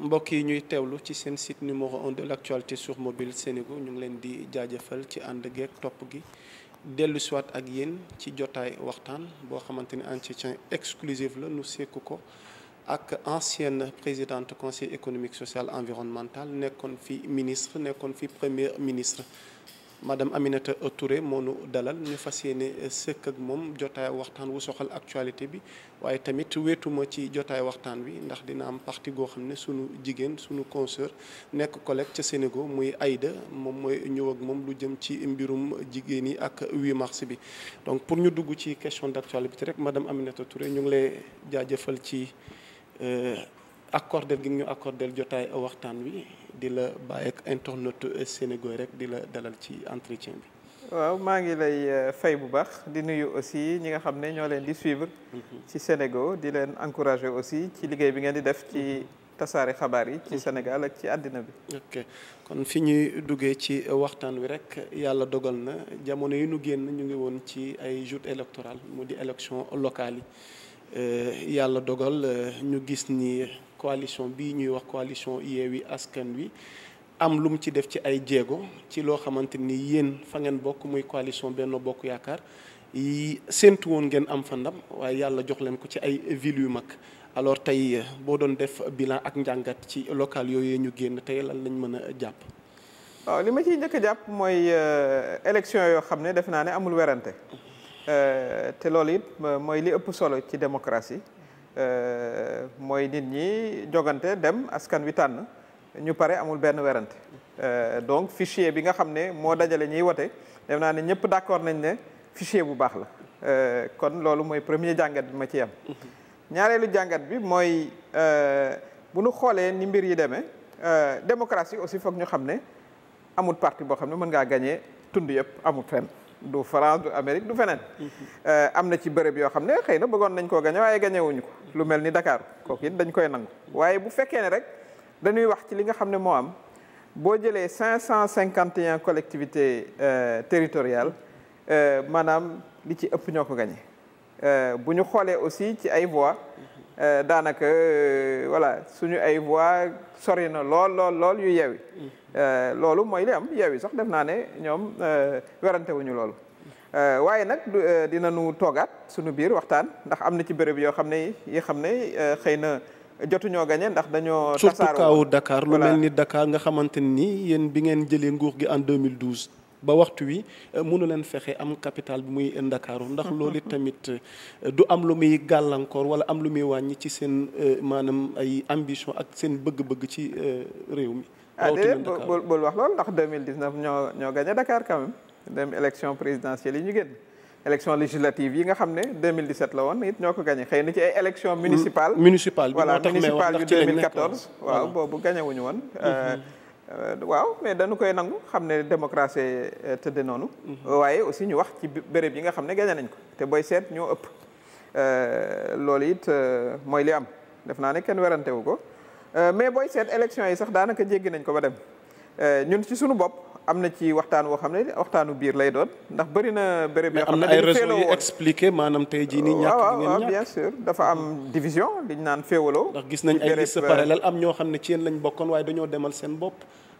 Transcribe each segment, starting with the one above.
mbokk yi ñuy teewlu ci seen site numéro 1 de l' actualité sur mobile Sénégo ñu ngi leen di jaajëfal ci ànd geeg topp gi dellu siwaat ak yéen ci jotaay waxtaan boo xamante ni entretien exclusive la nu sekku ko ak ancienne présidente conseil économique social environnemental nekkoon fi ministre nekkoon fi premier ministre madame aminat Touré moo nu dalal ñu fas yéene sëkk ak moom jotaay waxtaan wu soxal actualité bi waaye tamit wéetuma ci jotaay waxtaan wi ndax dina am parti goo xam ne suñu jigéen suñu consoeur nekk collègue ca Sénégal muy ayda moom mooy ñëw ak moom lu jëm ci mbirum jigéen yi ak 8 mars bi. donc pour ñu dugg ci question d' actualité rek madame aminat Touré ñu ngi lay jaajëfal ci. Euh, accordel gi ñu accordel jotaay waxtaan wi di la bàyyi ak internet Sénégal rek di la dalal ci entretien bi. waaw maa ngi lay euh, fay bu baax di nuyu aussi ñi nga xam ne ñoo leen di suivre. Mhm. ci Sénégal di leen encourager aussi ci liggéey bi ngeen di def ci. Mhm. tasaare xabaar yi ci mhm. Sénégal ak ci àddina bi. ok kon fi ñuy duggee ci waxtaan wi rek yàlla dogal na jamono yi nu génn ñu ngi woon ci ay joute électorale mu di élection locale yi euh, yàlla dogal euh, ñu gis ni coalition bii ñuy wax coalition Yewwi Askan Wi am lu mu ci def ci ay jéego ci loo xamante ni yéen fa ngeen bokk muy coalition Benno Bokk Yaakaar yi séentu woon ngeen am fa ndam waaye yàlla jox leen ko ci ay villes yu mag alors tey boo doon def bilan ak njàngat ci local yooyu ñu génn tey lan lañ mën a jàpp. waaw li ma ciy njëkk a jàpp mooy euh, élection yoo xam ne def naa ne amul werante euh, te lool it euh, mooy li ëpp solo ci démocratie. Euh, mooy nit ñi jogante dem askan wi tànn ñu pare amul benn werante euh, donc fichier bi nga xam ne moo dajale ñuy wote dem naa ne ñëpp d'accord nañ ne fichier bu baax la euh, kon loolu mooy premier jàngat bi ma ci am. jàngat bi mooy bu nu xoolee ni mbir yi demee démocratie aussi foog ñu xam ne amul parti boo xam ne mën ngaa gagner tund yëpp amul fenn. du France du Amérique du feneen. Euh, am na ci bërëb yoo xam ne xëy na bëggoon nañ koo gañe waaye gañe ko. lu mel ni Dakar kooku it dañ koy nangu. waaye bu fekkee ne rek dañuy wax ci li nga xam ne moo am boo jëlee cinq cent cinquante et un collectivités euh, territoriales euh, maanaam li ci ëpp ñoo ko gañe bu ñu xoolee aussi ci ay voix daanaka voilà suñu ay voix sori na lool lool yu yewi Euh, loolu mooy li am yeew yi sax def naa ne ñoom euh, werante wuñu loolu euh, waaye nag dina nu toogaat suñu biir waxtaan ndax am na ci béréb yoo xam ne xam ne xëy na jotuñoo gañe ndax dañoo tasaaroo surtout kaawu Dakar lu mel ni nga xamante ni yéen bi ngeen jëlee nguur gi en 2012 ba waxtu wi mënu leen fexe am capital bi muy Ndakaaru ndax loolu tamit du am lu muy gàllankoor wala am lu muy wàññi ci seen maanaam ay ambition ak seen bëgg-bëgg ci réew mi ah déedéet bul bul wax loolu ndax 2019 ñoo ñoo gagné Dakar quand même dem élection présidentielle yi ñu génn élection législative yi nga xam ne 2017 la woon it ñoo ko gagné xëy na ci ay élection mm, municipale municipale voilà municipale yu 2014 waaw boobu gagné woon mm-hmm. euh, euh, waaw mais dañu koy nangu xam ne démocratie euh, tëdde noonu mm-hmm. waaye aussi ñu wax ci béréb yi nga xam ne gagné nañ ko te booy seet ñoo ëpp loolu it mooy li am def naa ne kenn werante wu ko Euh, mais booy seet élection yi sax daanaka jéggi nañ ko ba dem euh, ñun ci suñu bopp am na ci waxtaan woo xam ne waxtaanu biir lay doon ndax bëri na béréb yoo xam ne dañu féewaloo woon maanaam tey jii nii euh, ñàkk bi dafa am division liñ naan féewaloo ndax gis nañ ay liste parallèle am ñoo xam ne ci yéen lañ bokkoon waaye dañoo demal seen bopp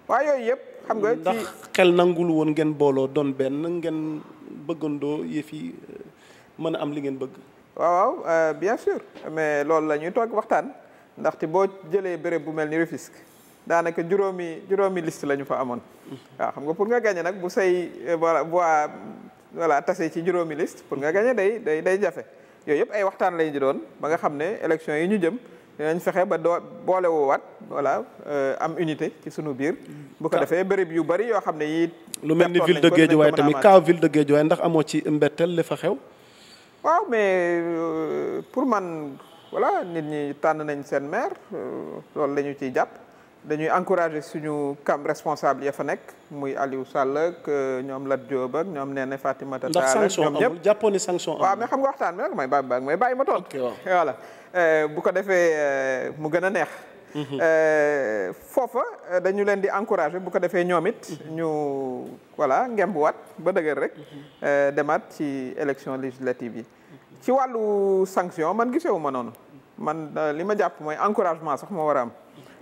waaye yooyu yëpp xam nga ci ndax xel nangul woon ngeen booloo doon benn ngeen bëggandoo yëf yi mën a am li ngeen bëgg waaw waaw bien sûr mais loolu la ñuy toog waxtaan ndaxte boo jëlee bërëb bu mel ni Rufisque daanaka juróomi juróomi liste la ñu fa amoon. waaw xam nga pour nga gagné nag bu say euh, voix euh, voilà tase ci juróomi liste pour nga gagné day day day jafe yooyu yëpp ay waxtaan lay di doon ba nga xam ne élection yi ñu jëm dinañ fexe ba doo boole woowaat voilà euh, am unité ci sunu biir. bu ko defee béréb yu bari yoo xam ne yii. lu mel ni ville de Guédiawaye tamit kaw ville de Guédiawaye ndax amoo ci mbetteel li fa xew. man. voilà nit ñi tànn nañ seen maire euh, loolu la ñu ciy jàpp dañuy encourager suñu kam responsable ya fa nekk muy Aliou Sall ak euh, ñoom Lat Diop ñoom Néné Fatimata Tall ak ñoom ñëpp jàppoon ni sanction amul waaw mais xam nga waxtaan bi nag may bàyyi ba may bàyyi ma toon voilà euh, bu ko defee mu gën a neex mhm. foofa dañu leen di encourager bu ko defee ñoom it mhm. ñu voilà ngembuwaat ba dëgër rek mhm. demaat ci élection législative yi ci wàllu sanction man gisewu ma noonu man euh, li ma jàpp mooy encouragement sax moo war a am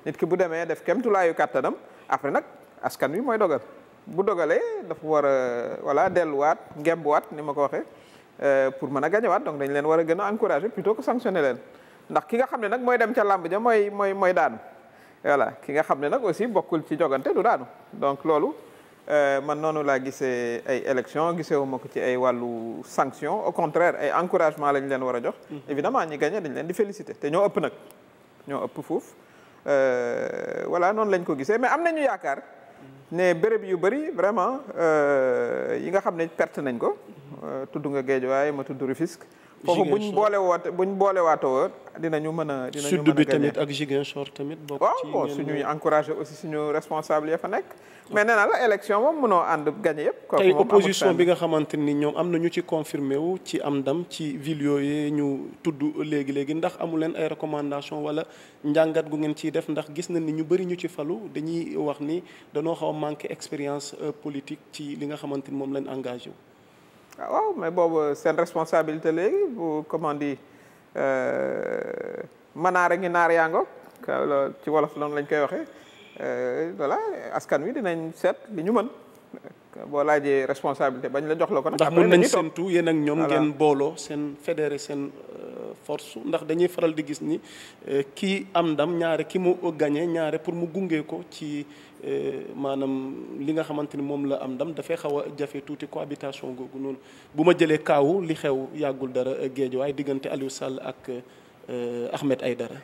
nit ki bu demee def kem tulaayu kàttanam après nag askan wi mooy dogal bu dogalee dafa war a voilà delluwaat ngembuwaat ni ma ko waxee euh, pour mën a gañewaat donc dañ leen war a gën a encourager plutôt que sanctionner leen ndax ki nga xam ne nag mooy dem ca làmb ja mooy mooy mooy daanu voilà ki nga xam ne nag aussi bokkul ci jogante du daanu donc loolu Euh, man noonu laa gisee ay élection gisewuma ko ci ay wàllu sanction au contraire ay encouragement lañ leen war a jox mhm. évidemment ñi gagné dañ leen di féliciter te ñoo ëpp nag ñoo ëpp foofu euh, voilà noonu lañ ko gisee mais am nañu yaakaar ne béréb yu bëri vraiment euh, yi nga xam ne perte nañ ko mhm. tudd nga Guédiawaye ma tudd Rufisque foofu bu ñu boole woote bu ñu boole dinañu mën a. dinañu mën a sud bi tamit ak Ziguinchor tamit. bokk ci waaw suñuy encouragé suñu responsable fa nekk. mais nee naa mënoo ànd gagné yëpp. kooku tey opposition bi nga xamante ni ñoom am na ñu ci confirmé wu ci am ndam ci ville yooyu ñu tudd léegi léegi ndax amu leen ay recommandation wala njàngat gu ngeen ciy def ndax gis nañ ni ñu bëri ñu ci falu dañuy wax ni danoo xaw a manqué expérience euh, politique ci li nga xamante ni moom lañ engagé wu. Ah waaw mais boobu seen responsabilité léegi bu comment dire euh, manaare ngi naar yaangoog ci wolof noonu lañ koy waxee euh, voilà askan wi dinañ seet li ñu mën boo laajee responsabilité bañ la jox la ko nag. ndax mën nañ séntu yéen ak ñoom ngeen booloo seen fédéré seen euh, force ndax dañuy faral di gis ni euh, kii am ndam ñaare ki mu gagné ñaare pour mu gunge ko ci euh, maanaam li nga xamante ni moom la am ndam dafay xaw a jafe tuuti cohabitation googu noonu bu ma jëlee kaawu li xew yàggul dara géej waaye diggante Aliou Sall ak Ahmed Aïdara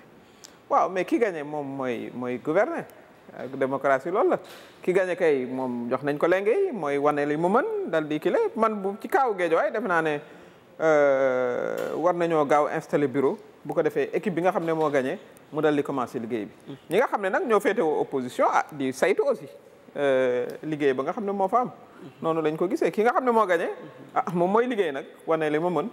waaw mais ki gagné moom mooy mooy ak démocratie lool la ki gañe kay moom jox nañ ko lenge mooy wane li mu mën dal di kile man bu ci kaaw Guédiawaye def naa ne euh, war nañoo gaaw installé bureau bu ko defee équipe bi nga xam ne moo gañee mu dal di commencé liggéey bi mm. ñi nga xam ne nag ñoo féetewoo opposition ah di saytu aussi euh, liggéey ba nga xam ne moo fa am mm-hmm. noonu lañ ko gisee ki nga xam ne moo gañe a ah, moom mooy liggéey nag wane li mu mën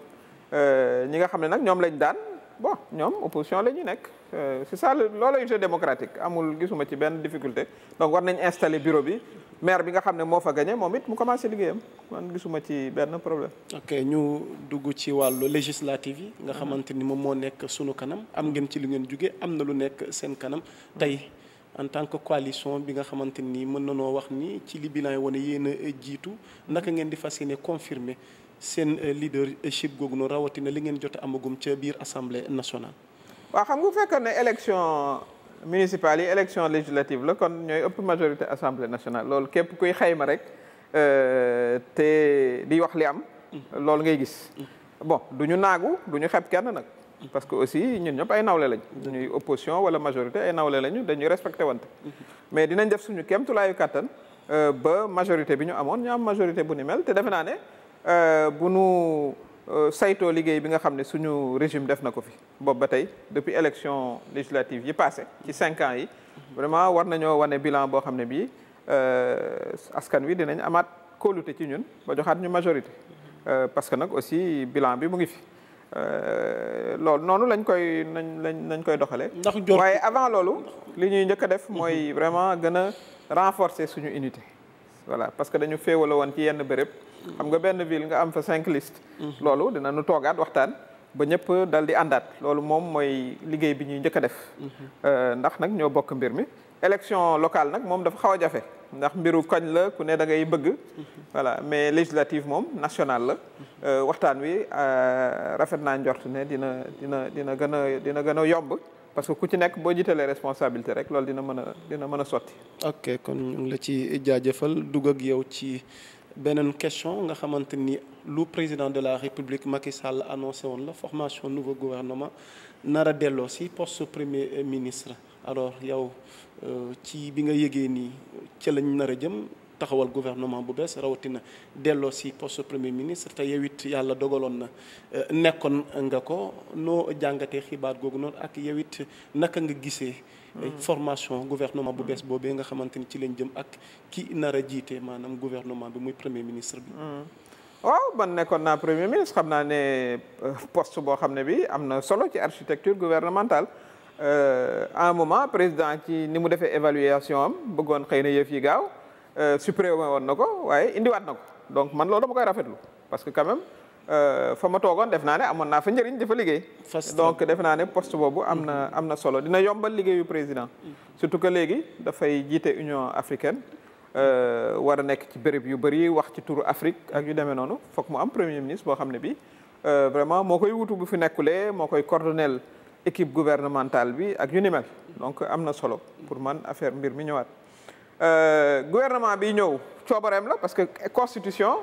euh, ñi nga xam ne nag ñoom lañ daan bon ñoom opposition la ñu nekk euh, c'est ça loolay jeu démocratique amul gisuma ci benn difficulté donc war nañ installer bureau bi maire bi nga xam ne moo fa gagné moom it mu commencé liggéeyam man gisuma ci benn problème. ok ñu dugg ci wàllu législative yi. nga mhm. xamante ni moom moo nekk sunu kanam am ngeen ci li ngeen jóge am na lu nekk seen kanam tey. en tant que coalition bi nga xamante ni mën na noo wax ni ci li bilan yi wane yéen a jiitu naka ngeen di fas yéene confirmer seen euh, leadership googu noonu rawatina li ngeen jot a amagum ca biir assemblée nationale. waa xam nga fekk ne élection municipale yi élection législative la kon ñooy ëpp majorité assemblée nationale loolu képp kuy xayma rek euh, te di wax li am. Mm-hmm. loolu ngay gis. Mm-hmm. bon du ñu naagu du ñu xep kenn nag. Mm-hmm. parce que aussi ñun ñëpp ay nawle lañ. ñuy opposition wala majorité ay nawle lañu dañuy respecté wante. mais dinañ def suñu kéemtulaayu kàttan euh, ba majorité bi ñu amoon ñu majorité bu ni mel te naa ne. Euh, bu nu euh, saytoo liggéey bi nga xam ne suñu régime def na ko fi boobu ba tey depuis élection législative yi passé ci cinq ans yi vraiment war nañoo wane bilan boo xam ne bii euh, askan wi dinañ amaat kóolute ci ñun ba joxaat ñu majorité parce que nag aussi bilan bi mu ngi fi loolu noonu lañ koy nañ lañ nañ koy doxalee waaye avant loolu li ñuy njëkk a def mooy vraiment gën a renforcer suñu unité voilà parce que dañu féewala woon ci yenn bërëb xam nga benn ville nga am fa cinq listes mhm. loolu dina nu toogaat waxtaan ba ñëpp dal di àndaat loolu moom mooy liggéey bi ñuy njëkk a def mhm. euh, ndax nag ñoo bokk mbir mi élection locale nag moom dafa xaw a jafe ndax mbiru koñ la ku ne da ngay bëgg mhm. voilà mais législative moom national la euh, waxtaan wi euh, rafet naa njort ne dina dina dina gën a dina gën a yomb parce que ku ci nekk boo jiitalee responsabilité rek loolu dina mën a dina mën a sotti. ok kon la ci jaajëfal dug ak yow ci beneen question nga xamante ni lu président de la république Macky Sall annoncé woon la formation nouveau gouvernement nar a delloo si poste premier ministre alors yow euh, ci bi nga yëgee nii ca lañ nar a jëm. taxawal gouvernement bu bees rawatina delloo si poste premier ministre te yow it yàlla dogaloon na euh, nekkoon nga ko noo jàngatee xibaar googu noonu ak yow it naka nga gisee. Hmm. Eh, formation gouvernement bu bees boobee nga xamante ni ci lañ jëm ak ki nar a jiite maanaam gouvernement bi muy premier ministre bi. Hmm. waaw ban nekkoon naa premier ministre xam naa ne euh, post boo xam ne bi am na solo ci architecture gouvernementale euh, à un moment président ci ni mu defee évaluation am bëggoon xëy na yëf yi gaaw. Euh, supprimé woon na ko waaye indiwaat na ko donc man loolu dama koy lu parce que quand même euh, fa ma toogoon def naa ne amoon naa fa njëriñ dafa liggéey donc def naa ne poste boobu am na am na solo dina yombal liggéeyu président mm. surtout que léegi dafay jiite Union africaine euh, war a nekk ci béréb yu bëri wax ci turu Afrique ak yu demee noonu foog mu am premier ministre boo xam ne bi vraiment moo koy wutu bu fi nekkulee moo koy coordonnel équipe gouvernementale bi ak yu ni mel am na solo pour man affaire mbir mi ñëwaat Euh, gouvernement bi ñëw coobareem la parce que constitution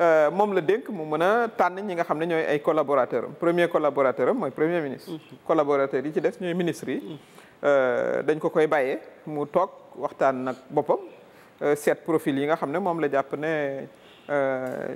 euh, moom la dénk mu mën a tànn ñi nga xam ne ñooy ay collaborateur am premier collaborateur am mooy premier ministre mm-hmm. collaborateur yi ci des ñooy ministre yi mm-hmm. euh, dañ ko koy bàyyee mu toog waxtaan nag boppam seet profil yi nga xam ne moom la jàpp ne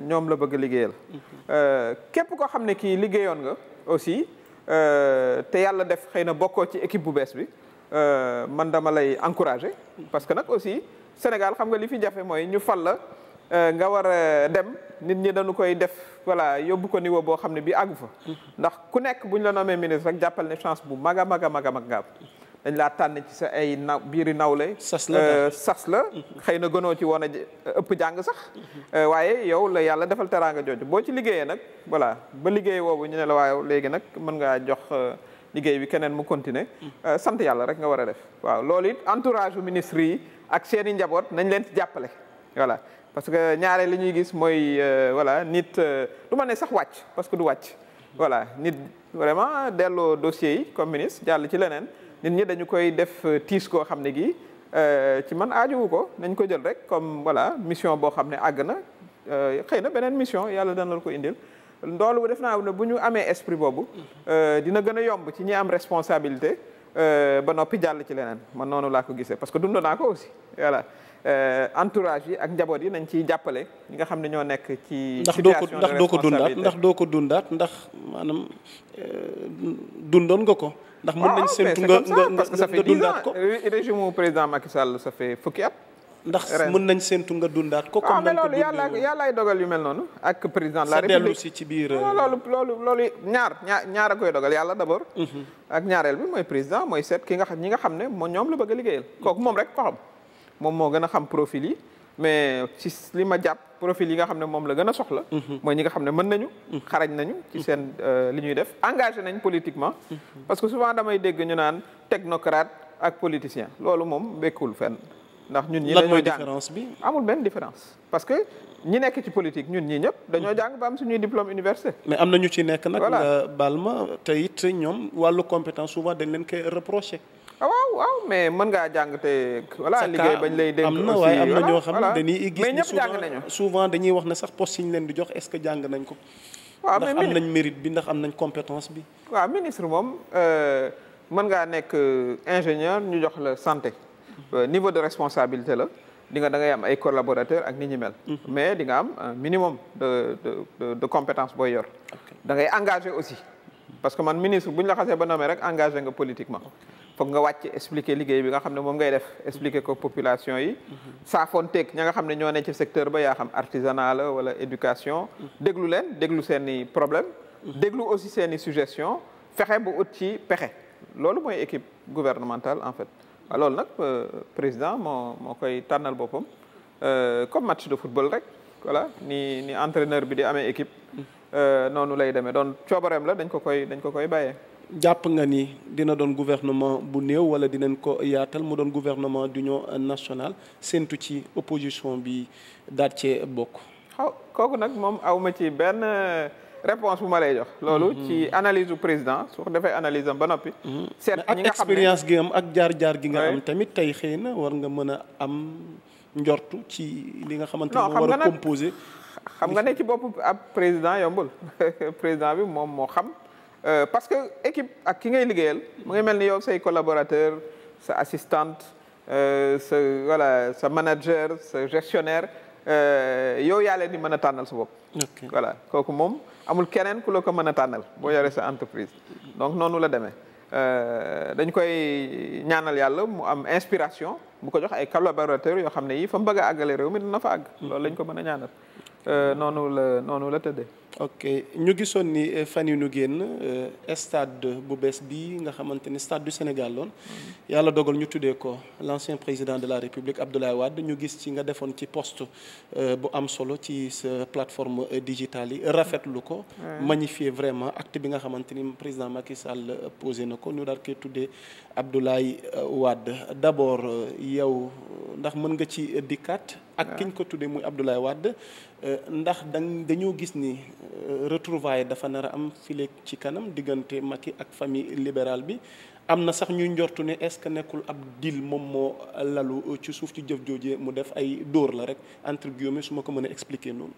ñoom la bëgg liggéeyal mm-hmm. képp koo xam ne kii liggéeyoon nga aussi te yàlla def xëy na bokkoo ci équipe bu bees bi Euh, man dama lay encourager parce que nag aussi Sénégal xam nga li fi jafe mooy ñu fal la euh, nga war a dem nit ñi dañu koy def voilà yóbbu ko niveau boo xam ne bii àggu fa. ndax ku nekk buñ ñu la nommé ministre rek jàppal ne chance bu mag a mag a mag a mag nga am dañ laa tànn ci sa ay naw biiri nawle. sas la euh, sas la. xëy na gënoo ci woon a ëpp jàng sax. waaye yow la yàlla defal teraanga jooju boo ci liggéeyee nag voilà ba liggéey woowu ñu ne la waaye léegi nag mën ngaa jox. liggéey bi keneen mu continuer euh, sant yàlla rek nga war a def waaw loolu it entourage bu ministre yi ak seen i njaboot nañ leen jàppale voilà parce que ñaare li ñuy gis mooy euh, voilà nit euh, du ma ne sax wàcc parce que du wàcc voilà nit vraiment delloo dossier yi comme ministre jàll ci leneen nit ñi dañu koy def tiis koo xam ne gii ci man aajuwu ko nañ ko jël rek comme voilà mission boo xam ne àgg na xëy na beneen mission yàlla dana la ko indil loolu def naa ne bu ñu amee esprit boobu euh, dina gën a yomb ci ñi am responsabilité euh, ba noppi jàll ci leneen ma noonu laa ko gisee parce que dund naa ko aussi voilà euh, entourage yi ak njaboot yi nañ ciy jàppale ñi nga xam ne ñoo nekk ci situation ndax doo ko dundaat ndax doo ko dundaat ndax maanaam dundoon nga ko ndax mën ah, nañ ah, seentu nga nga dundaat ko parce président Macky Sall ça fukki at ndax mën nañ séntu nga dundaat ko comme ah, loolu yàlla yàllaay dogal yu mel noonu ak président de la république dellu si ci biir euh, loolu loolu loolu ñaar ñaar ñaar a koy dogal yàlla d'abord mhm. ak ñaareel bi mooy président mooy seet ki nga xam ñi nga xam ne moo ñoom la bëgg a liggéeyal kooku moom rek ko xam moom moo gën a xam profil yi mais ci li ma jàpp profil yi nga xam ne moom la gën a soxla mhm. mooy ñi nga xam ne mën nañu mhm. xarañ nañu ci seen euh, li ñuy def engagé nañ politiquement parce que souvent damay dégg ñu naan technocrate ak politicien loolu moom bekkul fenn ndax ñun ñi lan mooy différence bi amul benn différence parce que ñi nekk ci politique ñun ñii ñëpp dañoo jàng ba am suñuy diplôme université mais am na ñu ci nekk nag nga baal ma it ñoom wàllu compétence souvent dañ leen koy reproché ah, waaw waaw mais mën ngaa jàng te voilà liggéey bañ lay dénk am na waaye am na ñoo xam ne dañuy gis mais ñëpp jàng nañu souvent dañuy wax ne sax poste yi ñu leen di jox est-ce que jàng nañ ko waaw ndax am nañ mérite bi ndax nañ compétence bi waaw ministre moom euh, mën ngaa nekk euh, ingénieur ñu jox la santé Euh, niveau de responsabilité la di nga da ngay am ay collaborateur ak ni ñu mel. Mm-hmm. mais di nga am un minimum de de compétence booy yor. da ngay engagé aussi. parce que man ministre bu la xasee ba nommé rek engagé nga politiquement. foog nga wàcc expliqué liggéey bi nga xam ne moom ngay def expliqué ko population yi. Mm-hmm. saafonteeg ña nga xam ne ñoo ne ci secteur ba yaa xam artisanat la wala éducation. Mm-hmm. déglu leen déglu seen i problème. déglu aussi seen i suggestion fexe ba ut ci pexe. loolu mooy équipe gouvernementale en fait. Ah, loolu nag euh, président moo moo koy tànnal boppam euh, comme match de football rek voilà ni ni entraîneur bi di amee équipe euh, noonu lay demee doon coobareem la dañ ko koy dañ ko koy bàyyee jàpp nga ni dina doon gouvernement bu néew wala dinañ ko yaatal mu doon gouvernement d'union nationale séntu ci opposition bi daal cee bokk xaw kooku nag moom awma ci benn réponse bu ma lay jox. loolu mhm. ci analyse du président su defee analyse am ba noppi. Mhm. seet ñi nga xam ak expérience gi am ak jaar jaar gi nga am tamit tey xëy na war nga mën a am njortu ci li nga xamante ne moo xam nga ne ci bopp ab président yombul président bi moom moo xam euh, parce que équipe ak ki ngay liggéeyal mu ngi mel ni yow say collaborateur sa assistante euh, sa voilà sa manager sa gestionnaire euh, yow yaa leen di mën a tànnal sa bopp. kooku moom. amul keneen ku la ko mën a tànnal boo yore sa entreprise donc noonu la demee euh, dañ koy ñaanal yàlla mu am inspiration bu ko jox ay collaborateurs yoo xam ne yii fa mu bëgg a àggale mi dina fa loolu lañ ko mën a ñaanal Euh, noonu la noonu la tëddee. ok ñu gisoon ni eh, fan yu ñu génn eh, stade bu bees bi nga xamante ni stade du Sénégal loon mm-hmm. yàlla dogal ñu tuddee ko l' président de la République Abdoulaye Wade ñu gis ci nga defoon ci poste eh, bu am solo ci sa plateforme digitale yi rafetlu ko. magnifier vraiment acte bi nga xamante ni président Macky Sall posé na ko ñu daal koy tuddee Abdoulaye Wade d' abord yow ndax mën nga ci dikkaat. ak ki ñu ko tuddee muy Abdoulaye Wade. Euh, ndax dañ dañoo gis ni euh, retrouvaille dafa nar a am fileeg ci kanam diggante Macky ak famille libérale bi am na sax ñuy njortu ne est que nekkul ab deal moom moo lalu ci suuf ci jëf joojee mu def ay dóor la rek entre guillemets su ma ko mën a expliquer noonu.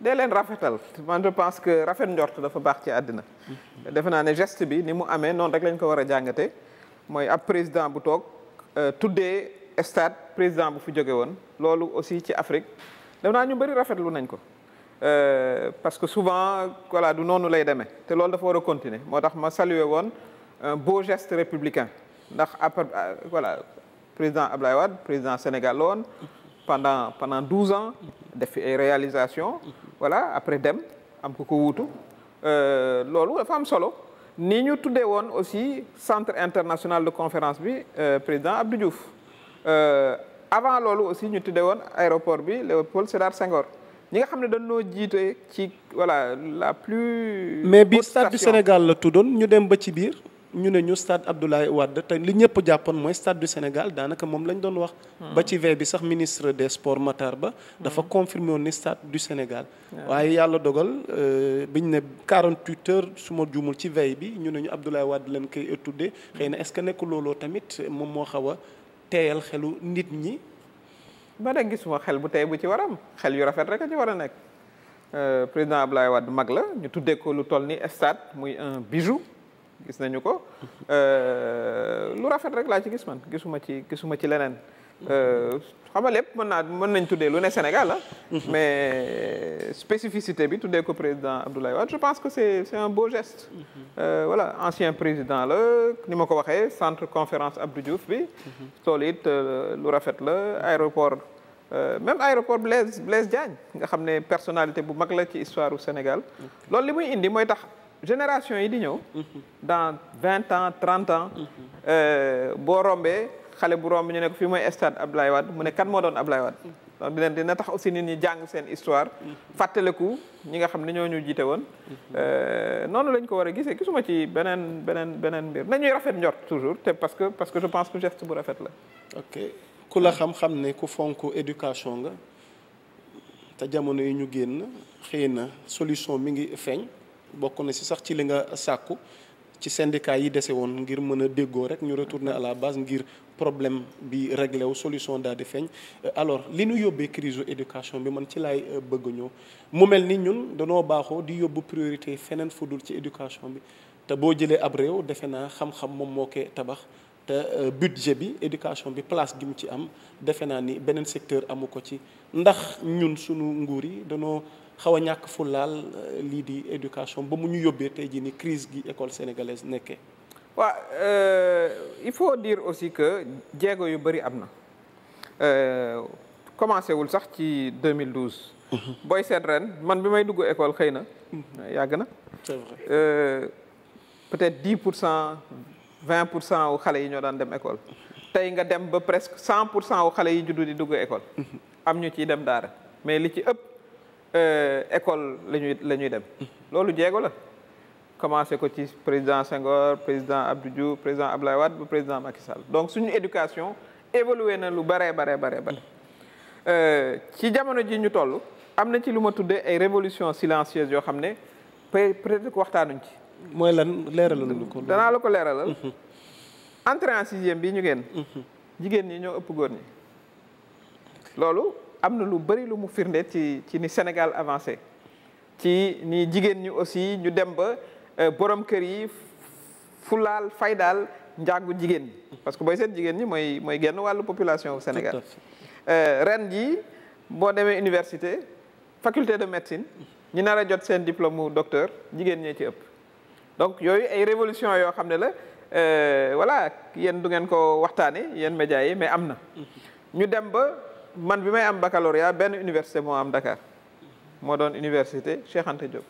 de leen rafetal man je que rafet njort dafa baax ci àddina. defe naa ne geste bi ni mu amee noonu rek lañ ko war a jàngatee mooy ab président bu toog euh, tuddee stade président bu fi jóge woon loolu aussi ci Afrique. def naa ñu bëri rafetlu nañ ko euh, parce que souvent voilà noonu lay demee te loolu dafa war a continuer moo tax ma saluer woon un beau geste républicain ndax après euh, voilà président Ablaye Wade président Sénégal la pendant pendant douze def fi ay réalisation voilà après dem am ku ko wuutu euh, loolu dafa am solo ni ñu tuddee woon aussi centre international de conférence bi président Abdou Diouf avant loolu aussi ñu tuddee woon aéroport bi Léopold Sédar Senghor ñi nga xam ne dañoo jiite ci voilà la plus. mais bi stade du Sénégal la tuddoon ñu dem ba ci biir ñu ne ñu stade Abdoulaye Wade te li ñëpp jàppoon mooy stade du Sénégal daanaka moom lañ doon wax. ba ci veille bi sax ministre des sports Matar Ba. dafa hmm. confirmé woon ni stade du Sénégal. waaye yàlla dogal euh, biñ ne 48 heures suma ma juumul ci veille bi ñu ne ñu Abdoulaye Wade leen koy tuddee xëy na est-ce que nekk looloo tamit moom moo xaw a. teeyal xelu nit ñi ba nag gisuma xel bu tey bu ci waram xel yu rafet rek a ci war a nekk euh, président Abdoulaye Wade mag la ñu tuddee ko lu toll ni stade muy un bijou gis nañu ko euh, lu rafet rek laa ci gis man gisuma ci gisuma ci leneen Euh, xam nga lépp mën naa mën nañ tu dee lu ne Sénégal ah. Mhm. mais spécificité bi tuddee ko président Abdoulaye Wade je pense que c'est c'est un beau geste. Mhm. Euh, voilà ancien président la ni ma ko waxee centre conférence abdu Diouf bi. loolu mhm. it euh, lu rafet la aéroport. Euh, même aéroport Blaise Blaise Diagne nga xam ne personnalité bu mag la ci histoire u Sénégal loolu li muy indi mooy tax génération yi di ñëw dans vingt ans trente ans euh, boo rombee xale bu romb ñu ne ko fii mooy stade Abdoulaye waat mu ne kan moo doon Abdoulaye Wade donc dina tax aussi nit ñi jàng seen histoire fàttaliku ñi nga xam ne ñoo ñu jiite woon euh, noonu lañ ko war a gisee ma ci beneen beneen beneen mbir ñuy rafet njort toujours te parce que parce que je pense que geste bu rafet la ok ku la xam-xam ne ku fonk éducation nga te jamono yi ñu génn xëy na solution mi ngi feeñ bokk na si sax ci li nga sàkku ci syndicat yi dese woon ngir mën a déggoo rek ñu retourner à la base ngir problème bi réglé wu solution daal di feeñ euh, alors li ñu yóbbee crise éducation bi man ci laay euh, bëgg ñëw mu mel ni ñun danoo baaxoo di yóbbu priorité feneen fu ci éducation bi te boo jëlee ab réew defe naa xam-xam moom moo ko tabax te euh, budget bi éducation bi place gi mu ci am defe naa ni beneen secteur amu ko ci ndax ñun sunu nguur yi danoo xaw a ñàkk fu laal euh, lii di éducation ba mu ñu yóbbee tey jii ni crise gi école sénégalaise nekkee waaw euh, il faut dire aussi que jéego yu bëri am na euh, commencé wul sax ci 2012 mhm. booy seet ren man bi may dugg école xëy na mhm. na c'est peut-être 10 pour cent 20 pour cent wu xale yi ñoo daan dem école tey nga dem ba presque 100 pour cent wu xale yi juddu di dugg école mhm. am ñu ci dem daara mais li ci ëpp Euh, école la ñuy la ñuy dem loolu jéego la commencé ko ci président Senghor président Abdou président Abdoulaye Wade président Macky Sall donc suñu éducation évolué na lu baree baree baree bare euh, ci jamono ji ñu toll am na ci lu ma tuddee ay révolution silencieuse yoo xam ne peut-être que waxtaanuñ ci mooy lan leeralal ko danaa la ko leeralal entrée en sixième bi ñu génn mhm. jigéen ñi ñoo ëpp góor ñi loolu am na lu bëri lu mu firnde ci ci ni Sénégal avancé ci ni jigéen ñi aussi ñu dem ba euh, borom kër yi fu laal fay daal njaagu jigéen ñi parce que booy seet jigéen ñi mooy mooy genn wàllu population Sénégal euh, ren ji boo demee université faculté de médecine ñi nar a jot seen diplôme mu docteur jigéen ñee ci ëpp donc yooyu ay révolution yoo xam ne la euh, voilà yen du ngeen ko waxtaane yéen médias yi mais am na mm-hmm. ñu dem ba man bi may am baccalauréat benn université moo am Dakar moo doon université Cheikh Anta Diop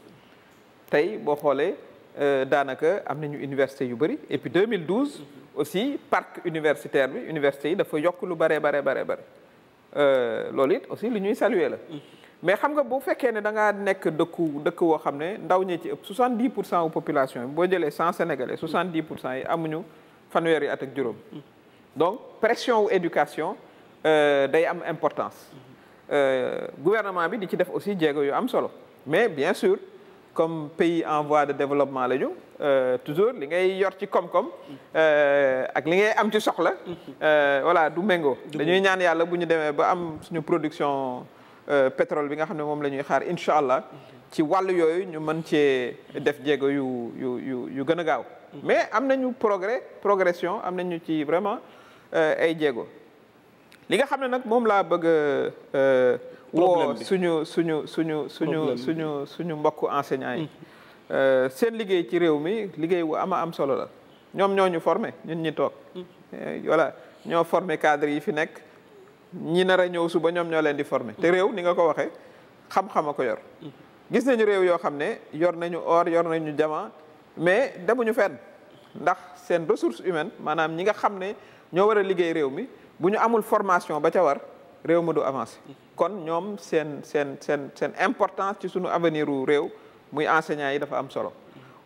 boo xoolee euh, daanaka am nañu université yu bëri et puis 2012 aussi parc universitaire bi université yi dafa yokk lu bare bare bare bare euh, loolu it aussi lu ñuy saluer la mais xam nga boo fekkee ne da ngaa nekk dëkku dëkk woo xam ne ndaw ñi ci ëpp 70 pour cent u population yi boo jëlee 100 sénégalais 70 pour cent yi amuñu fanweeri at ak juróom donc pression wu éducation Euh, day am importance euh, gouvernement bi di ci def aussi jéego yu am solo mais bien sûr comme pays en voie de développement la ñu euh, toujours li ngay yor ci koom-koom ak li ngay am ci soxla voilà du méngoo dañuy ñaan yàlla bu ñu demee ba am suñu production pétrole bi nga xam ne moom la ñuy xaar incha allah ci wàll yooyu ñu mën cee def jéego yu yu yu yu gën a gaaw mm-hmm. mais am nañu progrès progression am nañu ci vraiment ay jéego li nga xam ne nag moom laa bëgg a euh, euh, woo suñu suñu suñu suñu suñu suñu mbokku enseignants yi mm-hmm. euh, seen liggéey ci réew mi liggéey wu ama am solo la ñoom ñoo ñu formé ñun ñi toog mm-hmm. voilà ñoo formé cadre yi fi nekk ñi nar a ñëw suba ñoom ñoo leen di formé te mm-hmm. réew ni nga ko waxee xam-xam a ko yor gis nañu réew yoo xam ne yor nañu or yor ñu jama mais demuñu fen ndax seen ressource humaine maanaam ñi nga xam ne ñoo war a liggéey réew mi bu ñu amul formation ba ca war réew ma du avancé kon ñoom seen seen seen seen importance ci suñu avenir u réew muy enseignants yi dafa am solo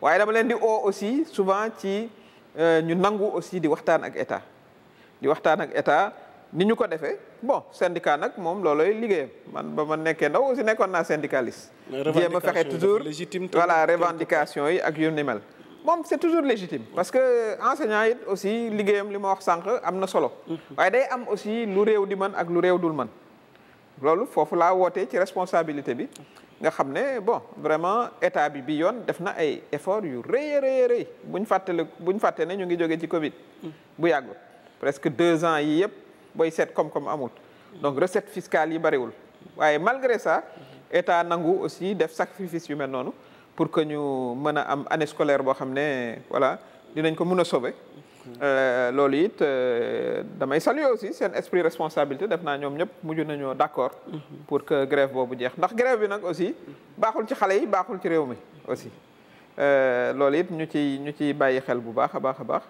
waaye dama leen di o aussi souvent ci euh, ñu nangu aussi di waxtaan ak état di waxtaan ak état ni ñu ko defee bon syndicat nag moom loolooy liggéeyam man ba ma nekkee ndaw aussi nekkoon naa syndicaliste jéem a fexe toujours voilà revendication yi ak yu ni mel moom c'est toujours légitime parce que enseignant it aussi liggéeyam li ma wax sànq am na solo waaye day am aussi lu réew di man ak lu réew dul man loolu foofu laa woote ci responsabilité bi nga xam ne bon vraiment état bi bi yoon def na ay effort yu rëy a rëy rëy buñ fàttale buñ fàtte ne ñu ngi jógee ci Covid bu yàggul presque deux ans yi yëpp boy seet koom-koom amul donc recette fiscale yi bariwul waaye malgré ça état nangu aussi def sacrifice yu mel noonu pour que ñu mën a am année scolaire boo xam ne voilà dinañ ko mun a sauver. Euh, loolu it euh, damay saluer aussi seen esprit responsabilité def naa ñoom ñëpp mujj nañoo d'accord. pour que grève boobu jeex ndax grève bi nag aussi baaxul ci xale yi baaxul ci réew mi aussi. Euh, loolu it ñu ci ñu ciy bàyyi xel bu baax a baax a baax.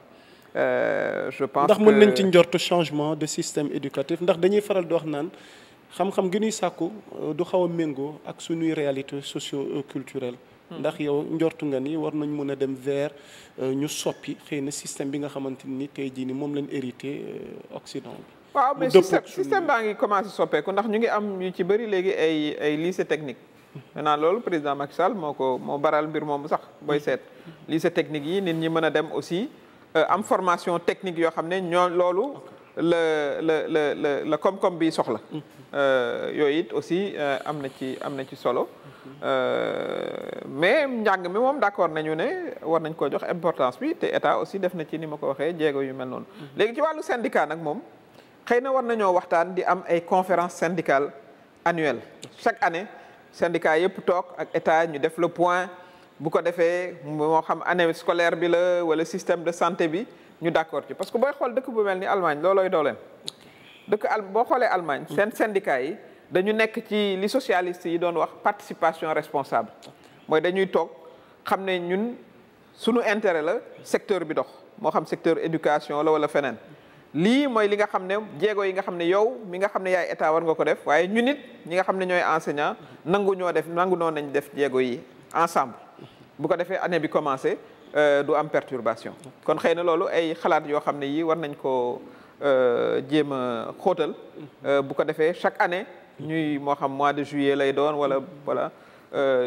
je pense ndax mën nañ ci njortu changement de système éducatif ndax dañuy faral di wax naan xam-xam gi nuy sàkku du xaw a méngoo ak suñuy réalité socio culturelle ndax yow njortu nga ni war nañ mën a dem vers euh, ñu soppi xëy na système bi nga xamante ni tey jii ni moom lañ hérité euh, Occident bi. waaw mais système baa ngi commencé soppeeku ndax ñu ngi am yu ci bëri léegi ay ay lycée technique. maintenant mm-hmm. loolu président Macky Sall moo ko moo baral mbir moomu sax booy seet. Mm-hmm. lycée technique yi nit ñi mën a dem aussi euh, am formation technique yoo xam ne ñoo loolu. la la la la la koom bi soxla mm. euh, yooyu it aussi euh, am na ci am na ci solo euh, mais njàng mi moom d'accord nañu ne war nañ ko jox importance bi te état aussi def na ci ni ma ko waxee jéego yu mel noonu mm-hmm. léegi ci wàllu syndicat nag moom xëy na war nañoo waxtaan di am ay conférence syndicale annuelle chaque année syndicat yëpp toog ak état ñu def le point bu ko defee moo xam année scolaire bi la wala système de santé bi ñu d'accord ci parce que boo xool dëkk bu mel ni Allemagne loolooy dooleem dëkk al boo xoolee Allemagne seen syndicat yi dañu nekk ci li socialiste yi doon wax participation responsable mooy dañuy toog xam ne ñun suñu intérêt la secteur bi dox moo xam secteur éducation la wala feneen lii mooy li nga xam ne jéego yi nga xam ne yow mi nga xam ne yaay état war nga ko def waaye ñun it ñi nga xam ne ñooy enseignant nangu ñoo def nangu noo nañ def jéego yi ensemble bu ko defee année bi commencé Euh, du am perturbation kon xëy na loolu ay xalaat yoo xam ne yii war nañ ko euh, jéem a xóotal euh, bu ko defee chaque année ñuy moo xam mois de juillet lay doon wala voilà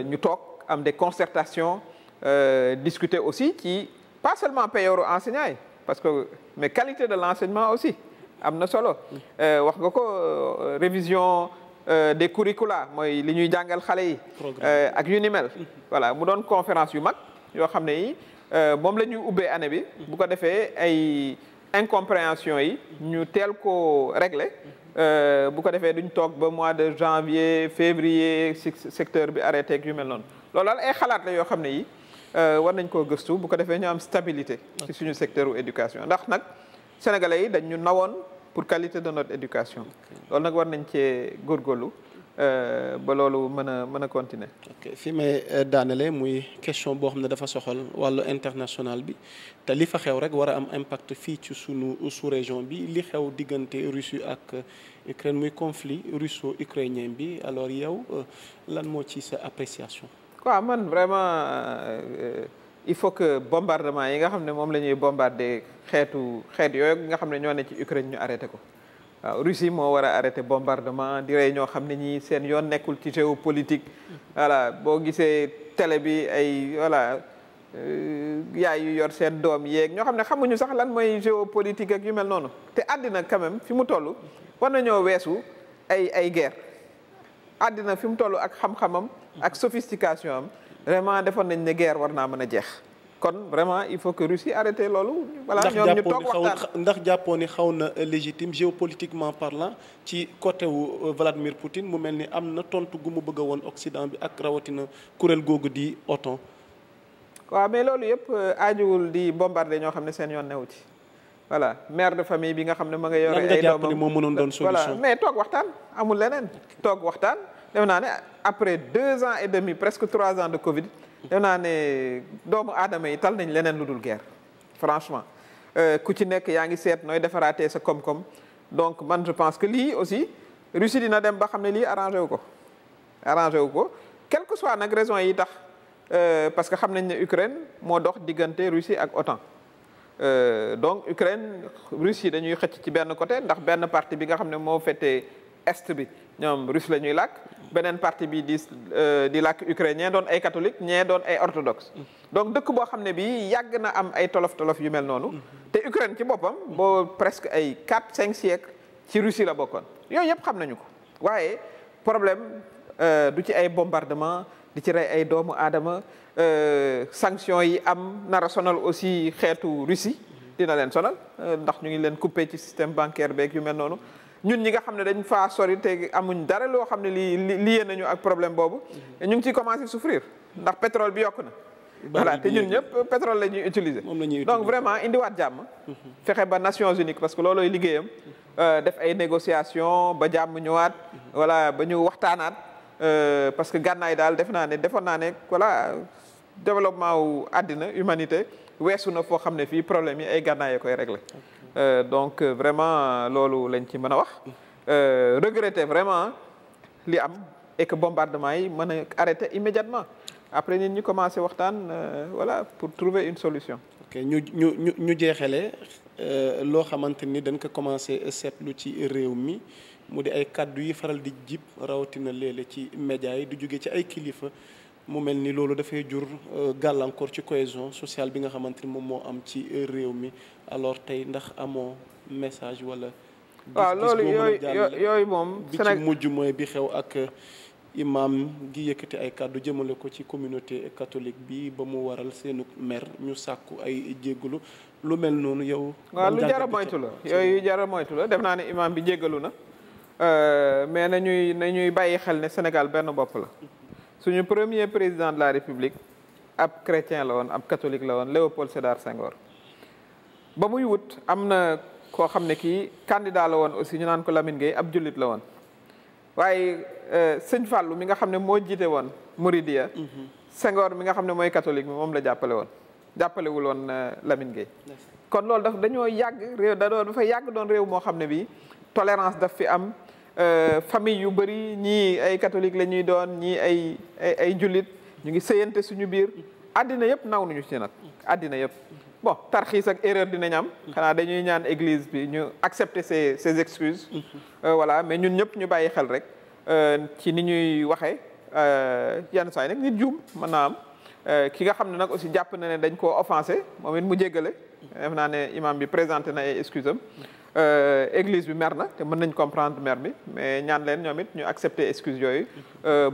ñu toog am des concertations discuter aussi ci pas seulement payooru enseignants yi parce que mais qualité de l'enseignement aussi am na solo wax nga ko révision des curricula mooy li ñuy jàngal xale yi ak yu ni mu doon conférence yu mag yoo xam ne yi Euh, moom la ñuy ubbee année bi bu ko defee ay incompréhension yi ñu teel koo régler euh, bu ko defee duñ toog ba mois de janvier février secteur bi arrêté ak yu mel noonu loolu daal ay xalaat la yoo xam ne yi euh, war nañ koo gëstu bu ko defee ñu am stabilité ci suñu secteur u éducation ndax nag sénégalais yi dañ ñu nawoon pour qualité de notre éducation loolu nag war nañ cee góorgóorlu Euh, ba loolu mën a mën a continuer. ok fi may euh, daanele muy question boo xam ne dafa soxal wàllu international bi te li fa xew rek war a am impact fii ci sunu sous-région bi li xew diggante Russie ak euh, Ukraine muy conflit russo-ukrainien bi alors yow lan moo ci sa appréciation. ko waaw man vraiment il faut que bombardement yi nga xam ne moom la ñuy bombardé xeetu xeet yooyu nga xam ne ñoo ne ci Ukraine ñu arrêté ko. waaw euh, Russie moo war a arrêté bombardement di rey ñoo xam ne ñi seen yoon nekkul ci géopolitique voilà boo gisee télé bi ay voilà euh, yaay yu yor seen doom yéeg ñoo xam ne xamuñu sax lan mooy géopolitique ak yu mel noonu te àddina quand même fi mu toll war na ñoo weesu ay ay guerre àddina fi mu toll ak xam-xamam ak sophistication am vraiment defoon nañ ne guerre war naa mën a jeex kon vraiment il faut que Russie arrêté loolu. voilà ñoom ñu toog waxtaan ndax jàppoo ni xaw na légitime géopolitiquement parlant ci côté wu euh, Vladimir Poutine mu mel ni am na tontu gu mu bëgg woon Occident bi ak rawatina kuréel googu di oto waaw mais loolu yëpp euh, aajuwul di bombarder ñoo xam ne seen yoon newu ci voilà mère de famille bi nga xam ne ma nga yore. ay doomam moo mënoon doon solution. mais toog waxtaan amul leneen. toog waxtaan def naa ne après deux ans presque trois ans de Covid. def naa ne doomu aadama yi tal nañ leneen lu dul guerre franchement euh, ku ci nekk yaa ngi seet nooy defaraate sa koom-koom donc man je pense que lii aussi Russie dina dem ba xam ne lii arrangé wu ko arrangé wu ko quel que soit nag raison yi tax euh, parce que xam nañ ne Ukraine moo dox diggante Russie ak OTAN euh, donc Ukraine Russie dañuy xëcc ci benn côté ndax benn parti bi nga xam ne moo fete est bi ñoom russe la ñuy làkk beneen partie bi di euh, di làkk ukrainien doon ay catholique ñee doon ay orthodoxe donc dëkk boo xam ne bii yàgg na am ay tolof tolof yu mel noonu te Ukraine ci boppam boo presque ay quatre cinq siècles ci Russie la bokkoon yooyu yëpp xam nañu ko waaye problème euh, du ci ay bombardement di ci rey ay doomu aadama euh, sanctions yi am nar a sonal aussi xeetu Russie dina leen sonal ndax ñu ngi leen coupé ci système bancaire beeg yu mel noonu ñun ñi nga xam ne dañ faa sori te amuñ dara loo xam ne lii lié nañu ak problème boobu mhm. ñu ngi ciy commencé souffrir ndax pétrole bi yokk na voilà te ñun ñëpp pétrole la ñuy utiliser donc vraiment indiwaat jàmm mhm. fexe ba Nations Unies parce que loolooy liggéeyam mhm. euh, def ay négociation ba jàmm ñëwaat voilà ba ñu waxtaanaat euh, parce que gànnaay daal def naa ne defoon naa ne voilà développement wu àddina humanité weesu na foo xam ne fii problème yi ay gànnaay koy réglé Euh, donc euh, vraiment loolu lañ ci mën a wax euh, regretter vraiment li am et bombardement yi mën a arrêter immédiatement après nit ñi commencé waxtaan voilà pour trouver une solution. ok ñu ñu ñu ñu jeexalee loo xamante ni dañ ko commencé seetlu ci réew mi mu di ay kàddu yi faral di jib rawatina léeg ci médias yi du jóge ci ay kilifa mu mel ni loolu dafay jur gàllankoor ci cohésion sociale bi nga xamante ni moom moo am ci réew mi. alors tey ndax amoo message wala. waaw loolu yooyu moom. bi ci mujj mooy bi xew ak imam gi yëkkati ay kàddu jëmale ko ci communauté catholique bi ba mu waral seenu mer ñu sàkku ay jéggalu lu mel noonu yow. waaw lu jar moytu la yooyu jar moytu la def naa ne imam bi jéggalu na. Euh, mais na ñuy bàyyi xel ne Sénégal benn bopp la. suñu premier président de la république ab chrétien la woon ab catholique la woon Léopold Sédar Senghor. ba muy wut am na koo xam ne kii candidat la woon aussi ñu naan ko Lamine Gueye ab jullit la woon waaye euh, sëñ Fallou mi nga xam ne moo jiite woon Mouridia mhm. Senghor mi nga xam ne mooy catholique mi moom la jàppale woon jàppalewul woon euh, Lamine Gueye kon loolu daf dañoo yàgg réew doon dafa yàgg doon réew moo xam ne bii tolérance daf fi am euh, famille yu bëri ñii ay catholique la ñuy doon ñii ay ay ay ñu ngi sëyante suñu biir àddina mhm. yëpp naw nañu ci nag àddina yëpp bon tarxiis ak erreur dinañ am. xanaa dañuy ñaan église bi ñu accepter ses ses excuses. Mm-hmm. Euh, voilà mais ñun ñëpp ñu bàyyi xel rek euh, ci ni ñuy waxee euh, yenn saa yi ñu nit juum mën naa ki nga xam ne nag aussi jàpp na ne dañ koo offensé moom it mu jéggale. def naa ne imam bi présenté na ay excuse am. église bi mer na te mën nañ comprendre mer bi mais ñaan leen ñoom it ñu accepter excuse yooyu.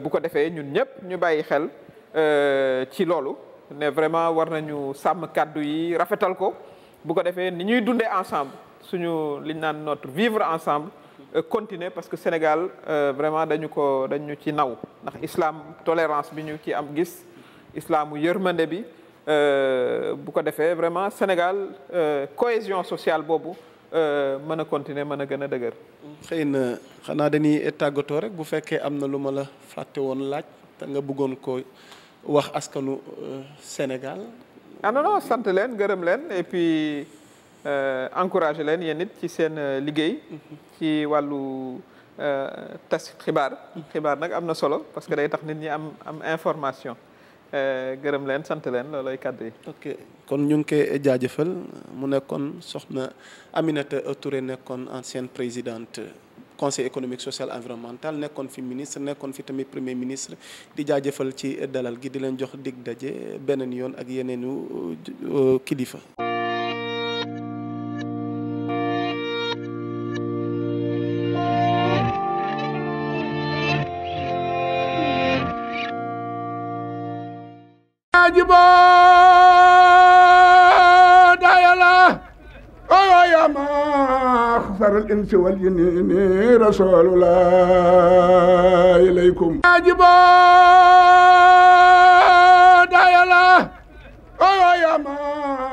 bu ko defee ñun ñëpp ñu bàyyi xel ci loolu. ne vraiment war nañu sàmm kàddu yi rafetal ko bu ko defee ni ñuy dundee ensemble suñu liñ naan notre vivre ensemble euh, continuer parce que Sénégal euh, vraiment dañu ko dañu ci naw ndax islam tolérance bi ñu ci am gis islamu yërmande bi euh, bu ko defee vraiment Sénégal cohésion sociale boobu mën a continuer mën a gën a dëgër. xëy na xanaa dañuy tàggatoo rek bu fekkee am na lu ma la fàtte woon laaj te nga bëggoon ko wax askanu euh, Sénégal. ah non non sant leen gërëm leen et puis euh, encouragé leen yéen it ci seen euh, liggéey. Mm-hmm. ci wàllu tas xibaar. Mm-hmm. xibaar nag am na solo parce que day tax nit ñi am am information. gërëm leen sant leen loolooy kàddu yi. ok kon ñu ngi koy jaajëfal mu nekkoon soxna Aminata Touré nekkoon ancienne présidente. conseil économique social environnemental nekkoon fi ministre nekkoon fi tamit premier ministre di jaajëfal ci dalal gi di leen jox digg daje beneen yoon ak yeneenu euh, kilifa. الإنس والجن رسول الله إليكم يا